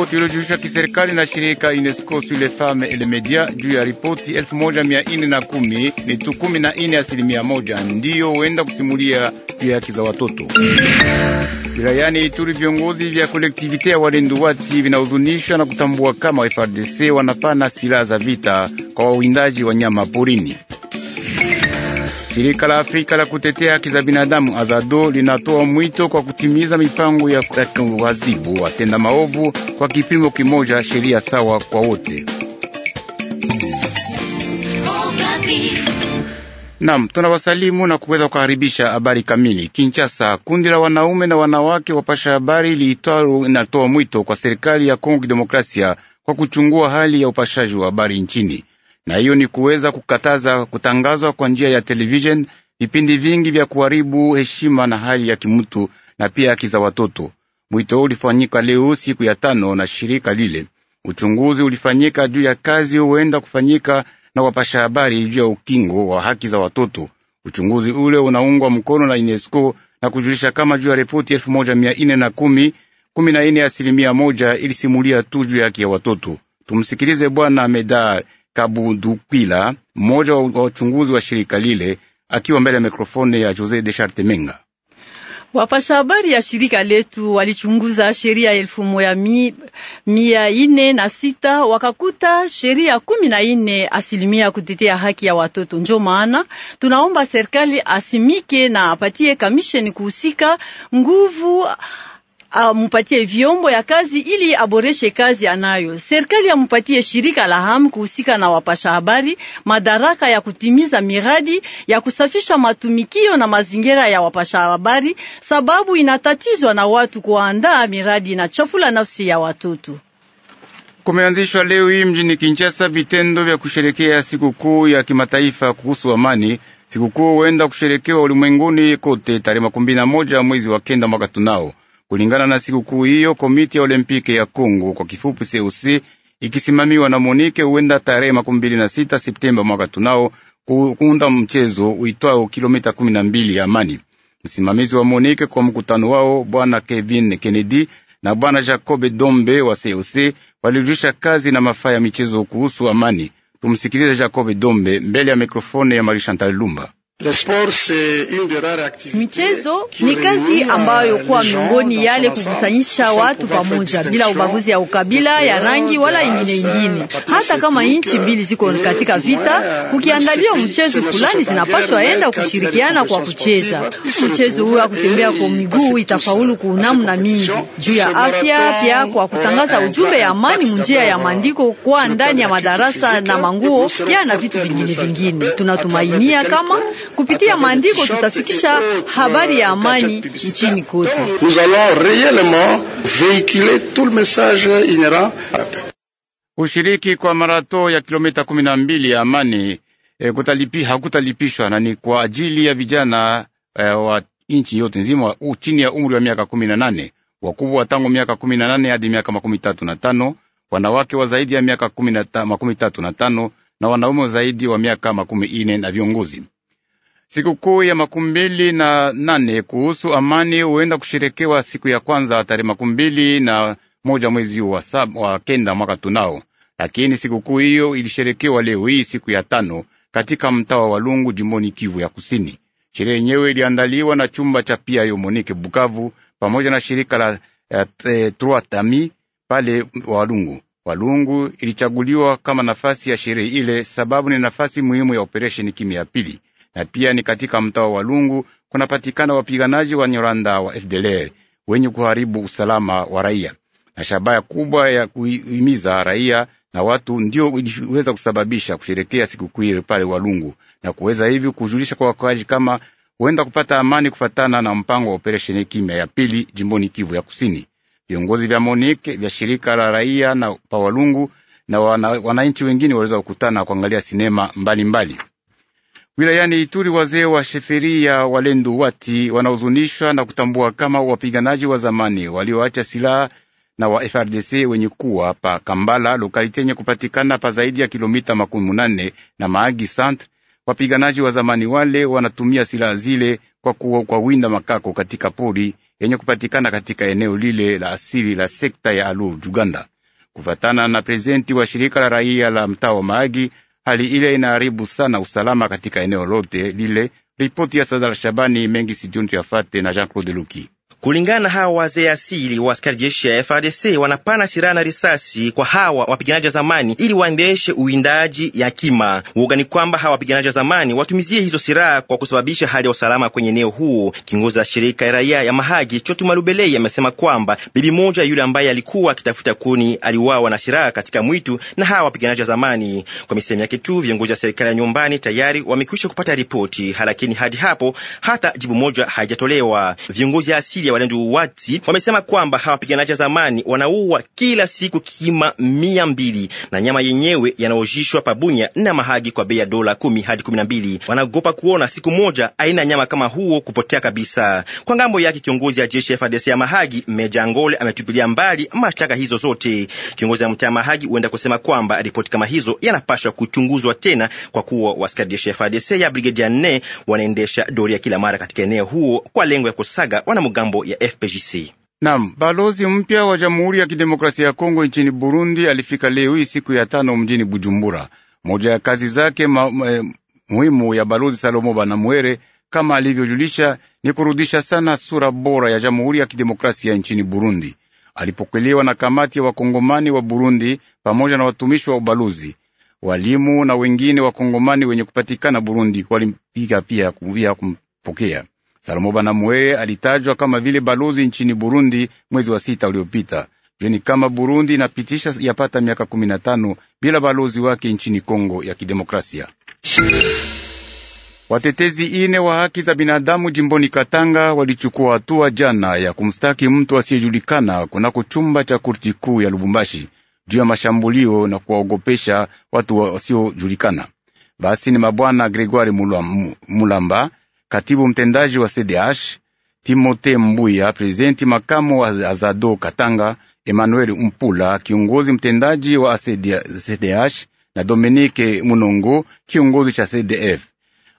ripoti iliyojulishwa kiserikali na shirika UNESCO sur les femmes et les médias juu ya ripoti 1410 ni tu 14 asilimia moja ndiyo huenda kusimulia juu ya haki za watoto wilayani Ituri. Viongozi vya kolektivite ya wati vinahuzunishwa na kutambua kama FARDC wanapana silaha za vita kwa wawindaji wa nyama porini. Shirika la Afrika la kutetea haki za binadamu Azado linatoa mwito kwa kutimiza mipango ya kuwazibu watenda maovu kwa kipimo kimoja, sheria sawa kwa wote. Nam, tunawasalimu na kuweza kukaribisha habari kamili. Kinshasa, kundi la wanaume na wanawake wapasha habari liitwalo inatoa mwito kwa serikali ya Kongo Demokrasia kwa kuchungua hali ya upashaji wa habari nchini na hiyo ni kuweza kukataza kutangazwa kwa njia ya television vipindi vingi vya kuharibu heshima na hali ya kimtu na pia haki za watoto. Mwito huu ulifanyika leo siku ya tano na shirika lile. Uchunguzi ulifanyika juu ya kazi huenda kufanyika na wapasha habari juu ya ukingo wa haki za watoto. Uchunguzi ule unaungwa mkono na UNESCO na kujulisha kama juu ya ripoti elfu moja mia nne na kumi kumi na nne asilimia moja ilisimulia tu juu ya haki ya watoto. Tumsikilize Bwana Medar Kabundukwila, mmoja wa uchunguzi wa shirika lile, akiwa mbele ya mikrofoni ya Jose de Chartemenga. Wapasha habari ya shirika letu walichunguza sheria elfu moja mi, mia ine na sita wakakuta sheria kumi na ine asilimia kutetea haki ya watoto. Njo maana tunaomba serikali asimike na apatie kamisheni kuhusika nguvu amupatie vyombo ya kazi ili aboreshe kazi anayo. Serikali amupatie shirika la hamu kuhusika na wapasha habari madaraka ya kutimiza miradi ya kusafisha matumikio na mazingira ya wapasha habari, sababu inatatizwa na watu kuandaa miradi na chafula nafsi ya watoto. Kumeanzishwa leo hii mjini Kinshasa vitendo vya kusherekea sikukuu ya kimataifa kuhusu amani. Sikukuu huenda kusherekewa ulimwenguni kote tarehe makumi na moja mwezi wa kenda mwaka tunao kulingana na sikukuu hiyo. Komiti ya Olimpiki ya Kongo kwa kifupi COC ikisimamiwa na Monike huenda tarehe makumi mbili na sita Septemba mwaka tunao kuunda mchezo uitwao kilomita kumi na mbili ya amani. Msimamizi wa Monike kwa mkutano wao bwana Kevin Kennedy na bwana Jacobe Dombe wa COC walirudisha kazi na mafaa ya michezo kuhusu amani. Tumsikilize Jacobe Dombe mbele ya mikrofoni ya Marishantal Lumba. Michezo ni kazi euh, ambayo kuwa miongoni yale kukusanyisha watu pamoja bila ubaguzi ya ukabila ya rangi wala ingine ingine. Hata kama euh, nchi mbili ziko katika vita, kukiandaliwa mchezo fulani, zinapaswa enda kushirikiana kwa kucheza mchezo huo. Kutembea kwa miguu itafaulu kunamna mingi juu ya afya, pia kwa kutangaza ujumbe ya amani munjia ya maandiko kwa ndani ya madarasa na manguo, pia na vitu vingine vingine. Tunatumainia kama Kupitia maandiko tutafikisha habari ya uh, amani nchini kote. Kushiriki kwa marato ya kilomita kumi na mbili ya amani e, kutalipi, hakutalipishwa na ni kwa ajili ya vijana e, wa nchi yote nzima chini ya umri wa miaka kumi na nane wakubwa wa tangu miaka kumi na nane hadi miaka makumi tatu na tano wanawake wa zaidi ya miaka makumi tatu na tano na wanaume wa zaidi wa miaka makumi ine na viongozi Sikukuu ya makumi mbili na nane kuhusu amani huenda kusherekewa siku ya kwanza tarehe makumi mbili na moja mwezi wa sab, wa kenda mwaka tunao, lakini sikukuu hiyo ilisherekewa leo hii siku ya tano katika mtaa wa Walungu jimboni Kivu ya Kusini. Sherehe yenyewe iliandaliwa na chumba cha pia yo Monike Bukavu pamoja na shirika la eh, Trois Tami pale Walungu. Walungu ilichaguliwa kama nafasi ya sherehe ile, sababu ni nafasi muhimu ya operesheni kimya ya pili na pia ni katika mtaa wa Lungu kunapatikana wapiganaji wa Nyoranda wa FDLR wenye kuharibu usalama wa raia, na shabaya kubwa ya kuhimiza raia na watu ndio iliweza kusababisha kusherekea sikukuu ile pale Walungu na kuweza hivi kujulisha kwa wakaaji kama huenda kupata amani kufatana na mpango wa operesheni kimya ya pili jimboni Kivu ya Kusini. Viongozi vya MONIK vya shirika la raia na pa Walungu na wananchi wana wengine waliweza kukutana kuangalia sinema mbalimbali mbali wilayani Ituri, wazee wa sheferia Walendu Wati wanahuzunishwa na kutambua kama wapiganaji wa zamani walioacha silaha na wa FRDC wenye kuwa pa Kambala, lokalite yenye kupatikana pa zaidi ya kilomita makumi munane na maagi Centre. Wapiganaji wa zamani wale wanatumia silaha zile kwa, kuwa, kwa winda makako katika pori yenye kupatikana katika eneo lile la asili la sekta ya Alu juganda kufatana na prezidenti wa shirika la raia la mtaa wa maagi Hali ile inaharibu sana usalama katika eneo lote lile. Ripoti ya Sadar Shabani mengi sijuntu yafate na Jean Claude Luki. Kulingana na hawa wazee asili wa askari jeshi ya frdc wanapana silaha na risasi kwa hawa wapiganaji wa zamani ili waendeshe uwindaji ya kima. Woga ni kwamba hawa wapiganaji wa zamani watumizie hizo silaha kwa kusababisha hali ya usalama kwenye eneo huo. Kiongozi wa shirika ya raia ya Mahagi Chotu Malubelei amesema kwamba bibi moja yule ambaye alikuwa akitafuta kuni aliuawa na silaha katika mwitu na hawa wapiganaji wa zamani. Kwa misemo yake tu, viongozi wa serikali ya nyumbani tayari wamekwisha kupata ripoti, lakini hadi hapo hata jibu moja haijatolewa. Viongozi asili ya uwati wamesema kwamba hawapiganaji wa zamani wanaua kila siku kima mia mbili na nyama yenyewe yanaojishwa pabunya na Mahagi kwa bei ya dola kumi hadi kumi na mbili. Wanaogopa kuona siku moja aina ya nyama kama huo kupotea kabisa. Kwa ngambo yake, kiongozi ya jeshi FARDC ya Mahagi Meja Ngole ametupilia mbali mashtaka hizo zote. Kiongozi ya mtaa Mahagi huenda kusema kwamba ripoti kama hizo yanapashwa kuchunguzwa tena, kwa kuwa waskari jeshi FARDC ya brigedi ya nne wanaendesha doria kila mara katika eneo huo kwa lengo ya kusaga wanamgambo ya FPGC. Naam, balozi mpya wa Jamhuri ya Kidemokrasia ya Kongo nchini Burundi alifika leo hii siku ya tano mjini Bujumbura. Moja ya kazi zake ma, ma, muhimu ya balozi Salomo Banamwere kama alivyojulisha ni kurudisha sana sura bora ya Jamhuri ya Kidemokrasia nchini Burundi. Alipokelewa na kamati ya wakongomani wa Burundi pamoja na watumishi wa ubalozi, walimu na wengine wakongomani wenye kupatikana Burundi walimpiga pia kumvia kumpokea. Salomo Banamuele alitajwa kama vile balozi nchini Burundi mwezi wa sita uliopita. Jueni kama Burundi inapitisha yapata miaka kumi na tano bila balozi wake nchini Kongo ya Kidemokrasia. Watetezi ine wa haki za binadamu jimboni Katanga walichukua hatua jana ya kumstaki mtu asiyejulikana kunako chumba cha kurti kuu ya Lubumbashi juu ya mashambulio na kuwaogopesha watu wasiojulikana. Basi ni mabwana Gregoire Mulamba katibu mtendaji wa CDH, Timote Mbuya, prezidenti makamu wa Azado Katanga, Emmanuel Mpula, kiongozi mtendaji wa CDH na Dominike Munongo, kiongozi cha CDF.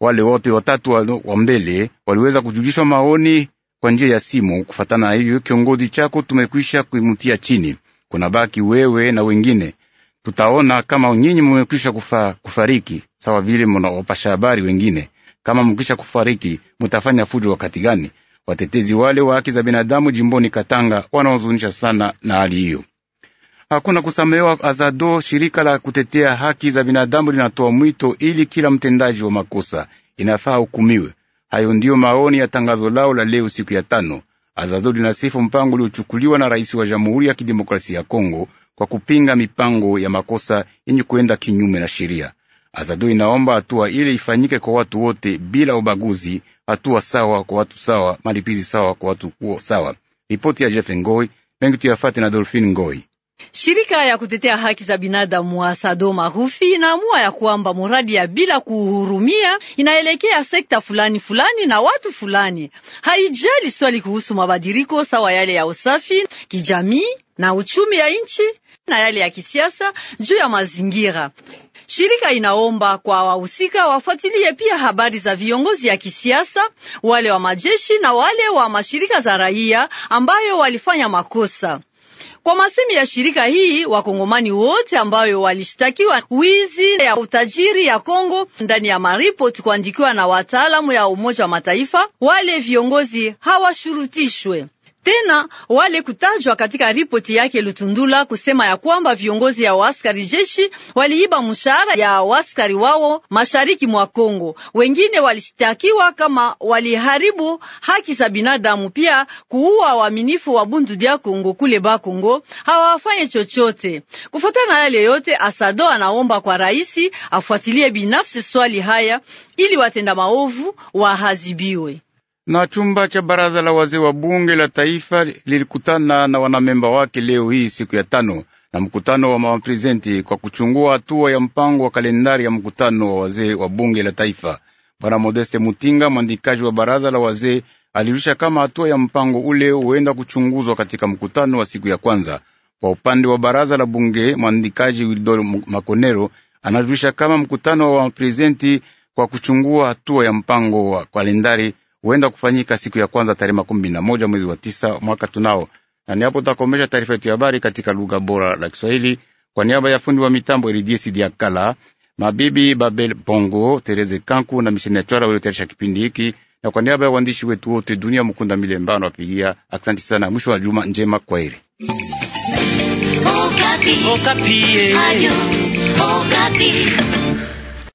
Wale wote watatu wa mbele waliweza kujulishwa maoni kwa njia ya simu. Kufatana hivyo, kiongozi chako tumekwisha kuimutia chini, kuna baki wewe na wengine. Tutaona kama nyinyi mumekwisha kufa, kufariki sawa vile mnaopasha habari wengine. Kama mkisha kufariki, mutafanya fujo wakati gani? Watetezi wale wa haki za binadamu jimboni Katanga wanaozunisha sana na hali hiyo. Hakuna kusamehewa Azado. Shirika la kutetea haki za binadamu linatoa mwito ili kila mtendaji wa makosa inafaa hukumiwe. Hayo ndiyo maoni ya tangazo lao la leo siku ya tano. Azado linasifu mpango uliochukuliwa na rais wa Jamhuri ya Kidemokrasia ya Kongo kwa kupinga mipango ya makosa yenye kuenda kinyume na sheria. Azadu inaomba hatua ile ifanyike kwa watu wote bila ubaguzi, hatua sawa kwa watu sawa, malipizi sawa kwa watu kuo sawa. Ripoti ya Jeff Ngoi mengi tuyafate na Dolphin Ngoi. Shirika ya kutetea haki za binadamu wa Sado Marufi inaamua ya kwamba muradi ya bila kuhurumia inaelekea sekta fulani fulani na watu fulani, haijali swali kuhusu mabadiriko sawa yale ya usafi kijamii na uchumi ya nchi na yale ya kisiasa juu ya mazingira. Shirika inaomba kwa wahusika wafuatilie pia habari za viongozi ya kisiasa, wale wa majeshi na wale wa mashirika za raia ambayo walifanya makosa. Kwa masemi ya shirika hii, wakongomani wote ambayo walishtakiwa wizi ya utajiri ya Kongo ndani ya maripoti kuandikiwa na wataalamu ya Umoja wa Mataifa, wale viongozi hawashurutishwe tena wale kutajwa katika ripoti yake Lutundula kusema ya kwamba viongozi ya waskari jeshi waliiba mshahara ya waskari wao mashariki mwa Kongo. Wengine walishtakiwa kama waliharibu haki za binadamu, pia kuua waaminifu wa Bundu dia Kongo kule Kongo, hawafanye chochote. Kufuatana na yale yote, Asado anaomba kwa raisi afuatilie binafsi swali haya ili watenda maovu wahazibiwe na chumba cha baraza la wazee wa bunge la taifa lilikutana na wanamemba wake leo hii siku ya tano na mkutano wa maprezidenti kwa kuchungua hatua ya mpango wa kalendari ya mkutano wa wazee wa bunge la taifa. Bwana Modeste Mutinga, mwandikaji wa baraza la wazee, alirusha kama hatua ya mpango ule huenda kuchunguzwa katika mkutano wa siku ya kwanza. Kwa upande wa baraza la bunge, mwandikaji Wildor Makonero anajulisha kama mkutano wa maprezidenti kwa kuchungua hatua ya mpango wa kalendari huenda kufanyika siku ya kwanza tarehe makumi na moja mwezi wa tisa mwaka tunao. Na ni hapo tutakomesha taarifa yetu ya habari katika lugha bora la Kiswahili. Kwa niaba ya fundi wa mitambo Elidiesi Kala, mabibi Babel Bongo, Tereze Kanku na misheni ya Chwara waliotayarisha kipindi hiki, na kwa niaba ya waandishi wetu wote, Dunia Mukunda Milembano apigia aksanti sana. Mwisho wa juma njema, kwaheri. Okapi. Okapi.